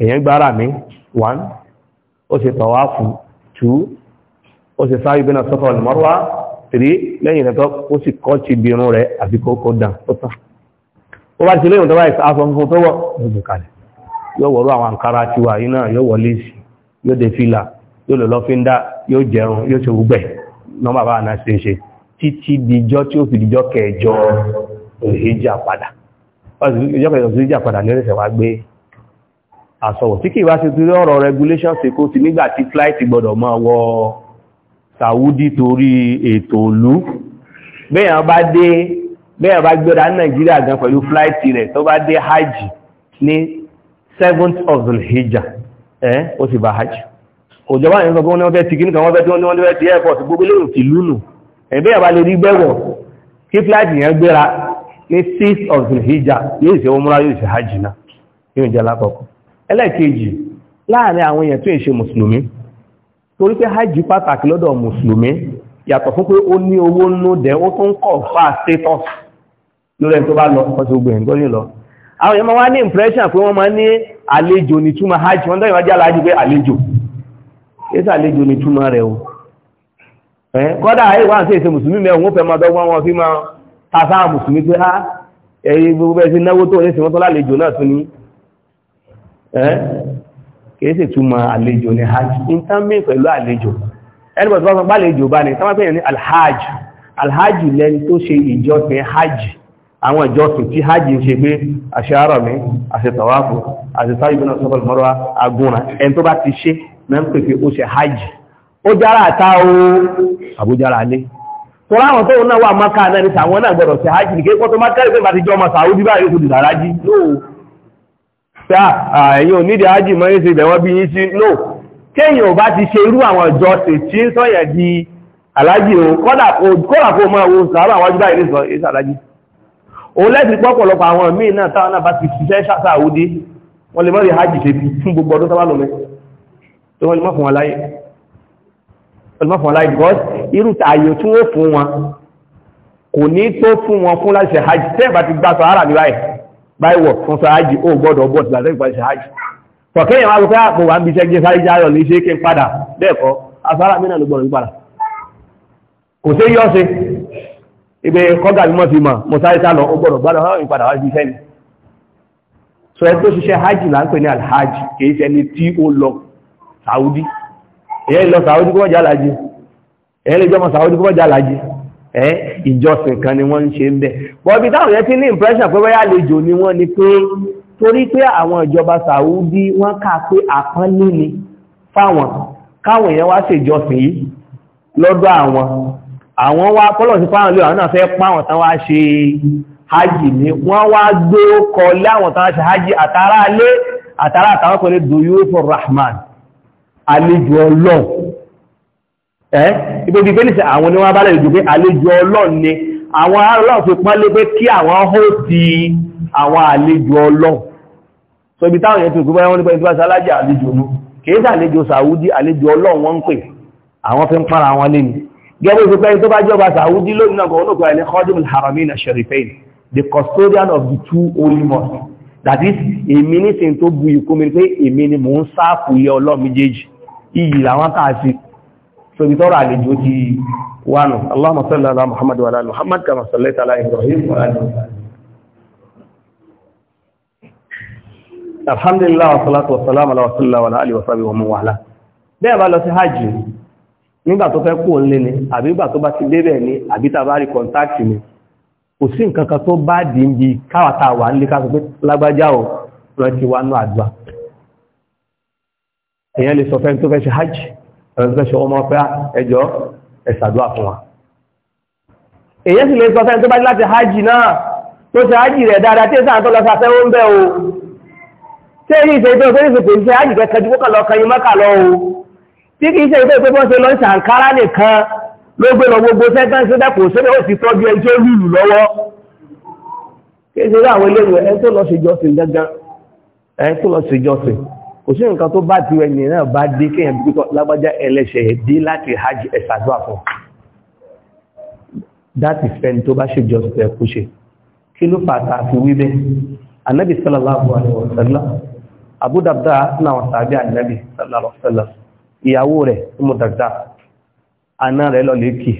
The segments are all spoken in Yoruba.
èyàn gbára mi 1 ó ṣe tọ̀wáfù 2 ó ṣe sáyé bí náà sọ́tọ̀ ọ̀lùmọ́rọ́wá 3 lẹ́yìn ìrẹ́tọ́ ó sì kọ́ ti bí irun rẹ̀ àti kókó dàn ó tán ó bá ti lẹ́yìn tó báyìí aṣọ fún tó wọ́ gbogbo yóò wọ̀rọ̀ àwọn àǹkárá ti wà fi dijọ́ kẹjọ òhèjà padà ìjọ́ kẹjọ òhèjà padà ní àsọ̀wọ̀ tí kìí bá ti torí ọ̀rọ̀ regulation ṣe ti nígbà tí flight gbọ́dọ̀ máa wọ Saudi torí ètò òlú bẹ́yàn bá dé bẹ́yàn bá gbéra ní Nàìjíríà gan pẹ̀lú flight rẹ̀ tó bá dé hajj ní 7th of Zulhijjah ẹ́ ó sì bá hajj òjọba yẹn sọ pé wọ́n fẹ́ ti kíní kan wọ́n fẹ́ airport gbogbo lè ti lúnù ẹ̀bẹ́ yàbá lè rí gbẹ́wọ̀ kí flight yẹn of Zulhijjah yóò ṣe ó múra yóò ṣe hajj náà ẹlẹ́ẹ̀kejì láàrin àwọn èèyàn tó ń ṣe mùsùlùmí torí pé hajj pàtàkì lọ́dọ̀ mùsùlùmí yàtọ̀ fún pé ó ní owó nú dẹ̀ ó tó kọ̀ fà status lórí ẹni tó bá lọ ọ̀sẹ̀ ogun ẹ̀ńgọ́ ní lọ àwọn èèyàn máa wá ní impression pé wọ́n máa ní àlejò ní túmọ̀ hajj wọ́n dẹ́yìn wá jẹ́ alájú pé àlejò èsì àlejò ní túmọ̀ rẹ̀ o kọ́dà ayé wà sí èsè mùsùlùmí mẹ́wọ̀n ó fẹ́ máa dọ́gbọ́n wọn fi máa tàfà mùsùlùmí pé á ah, ẹ̀yìn gbogbo ẹ̀sìn náwó tó ní ìsìnkú tó lálejò náà tún ní ẹ́ kìí sì túnmọ̀ àlejò ní hajj ìtànmí pẹ̀lú àlejò ẹnìbọ̀tí wọ́n pàpá àlejò bá ní tánwà pẹ̀lú alhajj alhajj lẹ́ni tó ṣe ìjọsìn hajj àwọn ìjọsìn tí hajj ń ṣe gbé àṣẹ́rọ̀ mi àṣẹ́tọ̀wáfù àṣẹ́sáyìnbínà sọ́bọ̀lù mọ́rọ̀ agúnra ẹni tó bá ti ṣe mẹ́ ń pèpè ó ṣe hajj ó jára àtà o àbújára alé tó láwọn tó náà wà mákà náà ní sàwọn náà gbọ́dọ̀ ṣe hajj pé bá ti jọ ọmọ sàúdí pé ah, ah, ẹ̀yin ò nídìí ájì mọ́ ìsìn ìbẹ̀ wọ́n bí yín sí no kéèyàn ò bá ti ṣe irú àwọn ìjọ sì tí ń sọ̀yẹ̀ di alájì o kódà kó mọ́ owó sàárà wájú báyìí ní ìsọ̀ o lẹ́sìn pọ́pọ̀lọpọ̀ àwọn míì náà táwọn náà bá ti ṣiṣẹ́ sàúdí wọ́n lè mọ́rí hajj ṣe fún gbogbo ọdún sábà lọ́mẹ́ tó wọ́n lè mọ́ fún wọn láyé ọlọ́fún aláì because irú ààyò tí wọ́n fún wọn kò ní tó fún báyìwọ̀ fún sáájì ó gbọ́dọ̀ bọ̀ sí àtẹ́gbà ìṣáájì tọ̀kẹ́yìn wá pẹ́ àpò ah, wà ń bí iṣẹ́ gé sáájì ayọ̀ lè ṣe kí n padà bẹ́ẹ̀kọ́ afárá mínà ló gbọ́dọ̀ padà kò sí yọ́ sí ibẹ̀ kọ́gà mímọ́ ti mọ̀ mo sáré sálọ ó gbọ́dọ̀ gbọ́dọ̀ hàn ìpadà wá sí iṣẹ́ ni so ẹ tó ṣiṣẹ́ hajj là ń pè ní alhajj kìí ṣe ẹni tí ó lọ Saudi èyẹ́ lọ Saudi kó mọ̀ jálàjì èyẹ́ lè jọmọ Saudi kó mọ̀ jálàjì ẹ́ ìjọsìn kan ni wọ́n ń ṣe ń bẹ̀. bọ́bí táwọn yẹn ti ní impression pé wáyà àlejò ni wọ́n ni pé torí pé àwọn ìjọba Saudi wọ́n kà pé àpọ́nlé ni fáwọn káwọn èèyàn wá ṣèjọsìn yìí lọ́dọ̀ àwọn àwọn wá pọ́lọ̀ sí fáwọn àwọn náà fẹ́ ẹ́ ibòbí pé nìsẹ̀ àwọn oníwọ́n bá lẹ́lẹ́dù pé àlejò ọlọ́run ni àwọn ọlọ́run fi pán lé pé kí àwọn hó ti àwọn àlejò ọlọ́run so ibi táwọn yẹn tó gbogbo ẹwọ́n nípa ìgbà sálájà àlejò mú kìí sàlejò sàúdí àlejò ọlọ́run wọ́n ń pè àwọn fi ń para wọn lé ni the custodian of the two holy mosques that is èmi nísìn tó bu ikú mi pé èmi ni mò ń sáàpù ilé ọlọ́run méjèèjì iyì làwọn káàsì ibi tọ́rọ àlejò ti wánu Allahumma salli ala Muhammad wa ala Muhammad kama sallaita ala Ibrahim wa ala alhamdulillah wa salatu wa salam ala rasulillah wa ala alihi wa sahbihi wa man wala bẹ́ẹ̀ bá lọ sí hajj nígbà tó fẹ́ kú òun lé ni tó bá ti débẹ̀ ni àbí tàbá rí kọ̀ǹtáàkì ni kò sí nǹkan tó bá dì ń bi káwàtà wà nílé ká pé lágbájá ò rántí wánú àdúrà èèyàn lè sọ fẹ́ tó fẹ́ ṣe hajj ẹ̀rọ̀gbẹ́sọ ọmọ pé ẹjọ́ ẹ̀sàdúwà fún wa èyẹ́ sì lè sọ fẹ́ tó bá láti hajj náà tó ṣe hajj rẹ̀ dáadáa tí èsà àtọ́lọ sàfẹ́ ó ń bẹ́ o tí èyí ìṣe ìfẹ́ òfin ìsìnkú ìṣe hajj kẹkẹ ju kókà lọ kẹyìn mọ́kà lọ o tí kì í ṣe ìfẹ́ ìfẹ́ ṣe lọ ń ṣàǹkárá nìkan ló gbé lọ gbogbo sẹ́kàn sí dẹ́kun sórí ó sì tọ́jú ẹni tó lùlù lọ́wọ́ kí ẹ kò sí nǹkan tó bá ti rẹ̀ ní náà bá dé kéèyàn bí kíkọ́ lágbájá ẹlẹ́ṣẹ̀ dé láti hajj ẹ̀sàdúrà fún dáàtì fẹ́ni tó bá ṣe jọsùn ẹ̀ kó ṣe kí ló fàtà àfi wíbẹ́ anábì sallallahu alaihi wasallam Abu Darda náà wọ́n sàbí anábì sallallahu alaihi wasallam ìyàwó rẹ̀ Ummu Darda àná rẹ̀ lọ lékì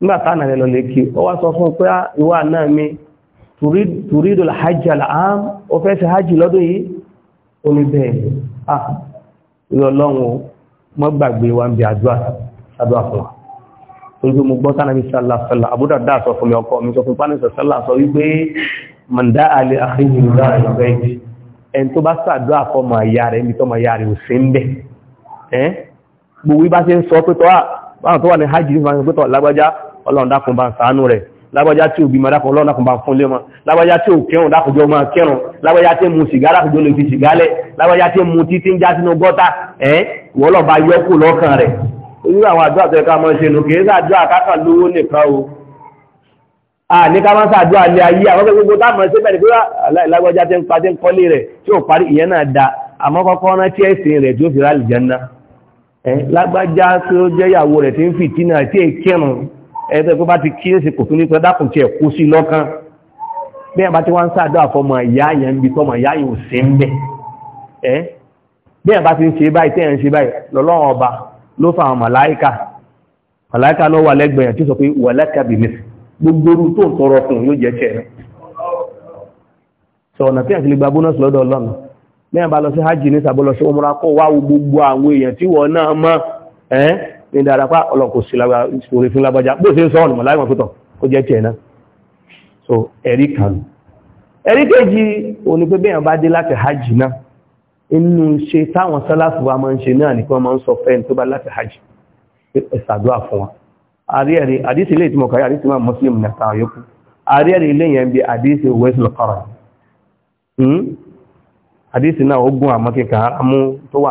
nígbà táà náà rẹ̀ lọ ó ní bẹ́ẹ̀ à ah, ìrọ̀lọ́run mọ́ gbàgbé wa ń bi àdúrà àdúrà fún wa torí pé mo gbọ́ sánàbí sàlàsàlà àbúdà dáa sọ fún mi ọkọ mi sọ fún pánìsọ̀ sàlà sọ wípé mọ̀ndá alẹ́ àfihàn ìlú dára ìlọ́gbẹ́ yìí ẹni tó bá sàdúrà fọmọ àyà rẹ̀ níbi tọmọ àyà rẹ̀ ò sí ń bẹ̀ ẹ́ lábájá tí ò bímọ dákọ̀ ọlọ́run dákùnbà fún lé mọ́ lábájá tí ò kẹrùn dákùnjọ máa kẹrùn lábájá tí mu sìgá dákùnjọ lè fi sìgá lẹ̀ lábájá tí mu títí ń já sínú gọ́tà ẹ́ wọ́lọ́ba yọkù lọ́kàn rẹ̀ irú àwọn àdúrà tó yẹ ká mọ́ ṣe nù kìí sàdúrà kákan lówó nìkan o a ní ká máa sàdúrà lé ayé da àmọ́ kọ́kọ́ rántí ẹ̀sìn rẹ̀ tí ó fi rálì jẹ́ ńná lágbájá tí ó jẹ́yàwó rẹ̀ ẹ̀ẹ́dẹ́ tó bá ti kíyèsí kò tún ní pẹ́ dákùn tí ẹ̀ kó sí lọ́kàn bí ẹ̀ bá ti wá ń sáàdọ́ àfọmọ ìyá yẹn ń bi tọmọ ìyá yìí ò sí ń bẹ̀ ẹ́ bí ẹ̀ bá ti ń ṣe báyìí tẹ́ ẹ̀ ń ṣe báyìí lọ́lọ́run ọba ló fa àwọn màláìkà màláìkà ló wà lẹ́gbẹ̀ẹ́ tí ó sọ pé wà lẹ́kàbì mi ní darapá ọlọ́kọ̀ sí orí fún lábájá bó ṣe ń sọ ọ̀nà láìmọ̀ fútọ̀ kó jẹ́ tiẹ̀ náà so ẹ̀rí kanu ẹ̀rí kejì òní pé bẹ́yàn bá dé láti hajj náà inú ṣe táwọn sálàfù wa máa ń ṣe náà nìkan máa ń sọ fẹ́ni tó bá láti hajj ẹ̀sàdúà fún wa àrí ẹ̀rí àdísì ilé ìtìmọ̀ kàrí àdísì máa muslim ní àtàwọn yòókù àrí ẹ̀rí ilé yẹn bí àdísì west lọ́kọ̀rọ̀ hmm? àdísì náà ó gún àmọ́kẹ́kà amú tó wà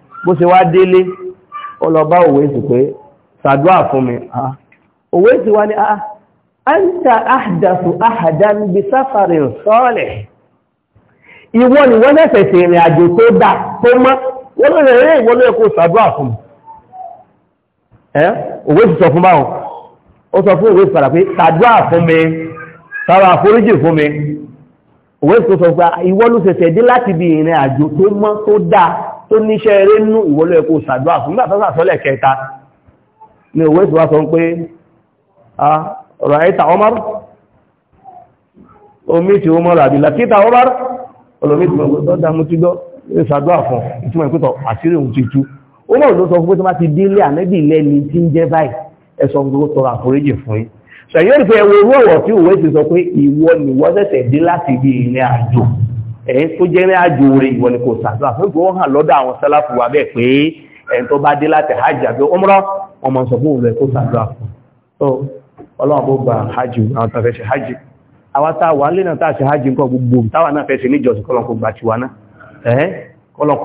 bó ṣe wá délé ó lọ bá òwe sì pé ṣàdúà fún mi ah, òwe sì wá ní ah, anta ahdathu ahadan bi safarin salih ìwọ ni wọ́n lẹ́sẹ̀ sí ìrìn àjò tó dá tó mọ́ wọ́n lè rẹ̀ ìwọ ló yẹ kó ṣàdúà fún mi ẹ́ òwe sì sọ fún báwọn ó sọ fún òwe tó níṣẹ́ eré nú ìwọlé ẹ̀kọ́ ṣàdúrà fún gbà sọ́lẹ̀ kẹta ni òwe ìsìnwá sọ pé ọ̀rọ̀ àìta Omar omi Omar àbìlà kíta Omar tí gbọ́ ṣàdúrà fún ìtumọ̀ ìpútọ̀ Omar ló sọ fún pé tí wọ́n ti délé ànẹ́bì lẹ́ni tí ń jẹ́ báyìí ẹ̀sọ́ gbogbo tọrọ àforíjì fún yín ṣẹ̀yìn ìfẹ́ wo owó ọ̀rọ̀ tí òwe ti sọ pé ìwọ nìwọ́ tẹ̀tẹ̀ dé láti ibi ẹ̀yìn tó jẹ́ ní àjò rẹ̀ ìwọ ni kò sàdúrà fún ìgbò hàn lọ́dọ̀ àwọn sálàfù wa bẹ́ẹ̀ pé ẹ̀yìn tó bá dé láti hajj àbí umra wọn máa sọ fún òun rẹ̀ kó sàdúrà fún so ọlọ́run bó gba hajj àwọn tó fẹ́ ṣe hajj àwọn tá a wà nílẹ̀ náà tá a ṣe hajj nǹkan gbogbo táwa náà fẹ́ ṣe níjọsìn kọ́lọ́n kò gbà tí wa náà ẹ̀ẹ́ kọ́lọ́n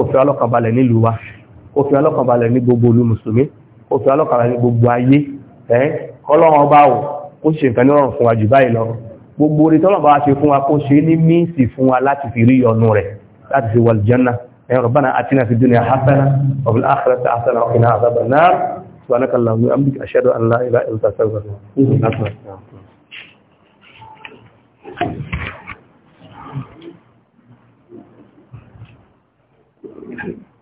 kò fi gbogbo orí tọ́lọ̀ bá ṣe fún wa kó ṣe ní míǹsì fún wa láti fi rí ọ̀nà rẹ̀ láti fi wal janna ya rabbana atina fid dunya hasana wa fil akhirati hasana wa qina adhaban